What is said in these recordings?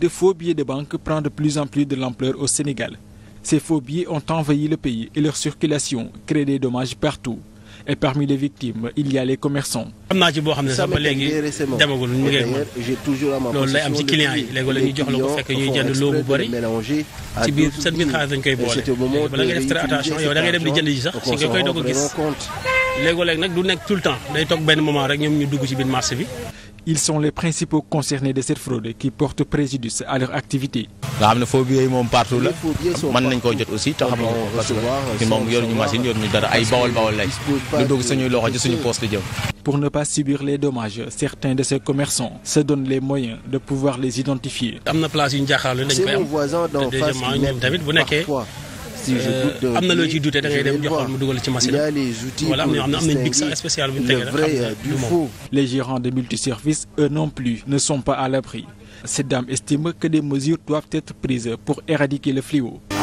de faux billets de banque prend de plus en plus de l'ampleur au Sénégal. Ces faux ont envahi le pays et leur circulation crée des dommages partout. Et parmi les victimes, il y a commerçants. am naa ci boo xam ne sax ba léegi demagul mu ngi loolu lay am ci client yi léegi la ñuy jox la ko fekk ñuy jënd loo bu bëri ci biir seen biir xaalis dañ koy boole léegoo léeg nag du nekk tout le temps day toog benn moment rek ñoom ñu dugg ci biir marché bi. Ils sont les principaux concernés de cette fraude qui porte préjudice à leur activité. nga xam ne faux billets moom partout la mën nañ koo jot aussi te xam nga parce que moom yoruñu machine yoruñu dara ay bawol bawol lañ lu dugg suñuy loxo ci suñu poste jëm. Pour ne pas subir les dommages certains de ces commerçants se donnent les moyens de pouvoir les identifier. am place yu ñu jaaxaale dañ koy am te deuxièmement ñoom tamit bu nekkee. si euh, na loo ciy dute da ngay les gérants de multiservices eux non plus ne sont pas à l'abri cette dame estime que des mesures doivent être prises pour éradiquer le fléau ah,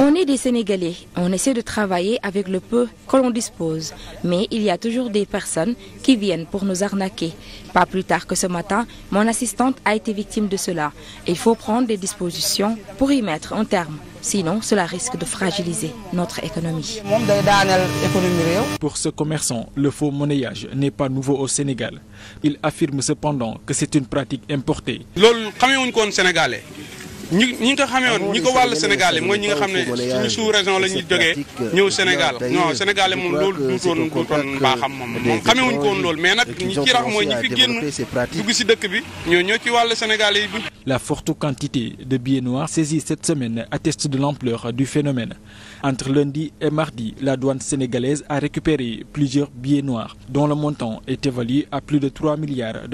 On est des Sénégalais, on essaie de travailler avec le peu que l'on dispose, mais il y a toujours des personnes qui viennent pour nous arnaquer. Pas plus tard que ce matin, mon assistante a été victime de cela. Il faut prendre des dispositions pour y mettre un terme. Sinon, cela risque de fragiliser notre économie. Pour ce commerçant, le faux monnayage n'est pas nouveau au Sénégal. Il affirme cependant que c'est une pratique importée. ñi ñi nga xamee woon ñi ko wàll Sénégal yi mooy ñi nga xam ne suñu sous région la ñu jógee euh, ñëw Sénégal non Sénégal moom loolu duutoon duutoon mbaaxam moom moom xamewuñ ko woon loolu mais nag ñi ci rax mooy ñi fi génn dugg si dëkk bi ñoo ñoo ci wàll Sénégal yi La forte quantité de billets noirs saisis cette semaine atteste de l'ampleur du phénomène. Entre lundi et mardi, la douane sénégalaise a récupéré plusieurs billets noirs dont le montant est évalué à plus de 3 milliards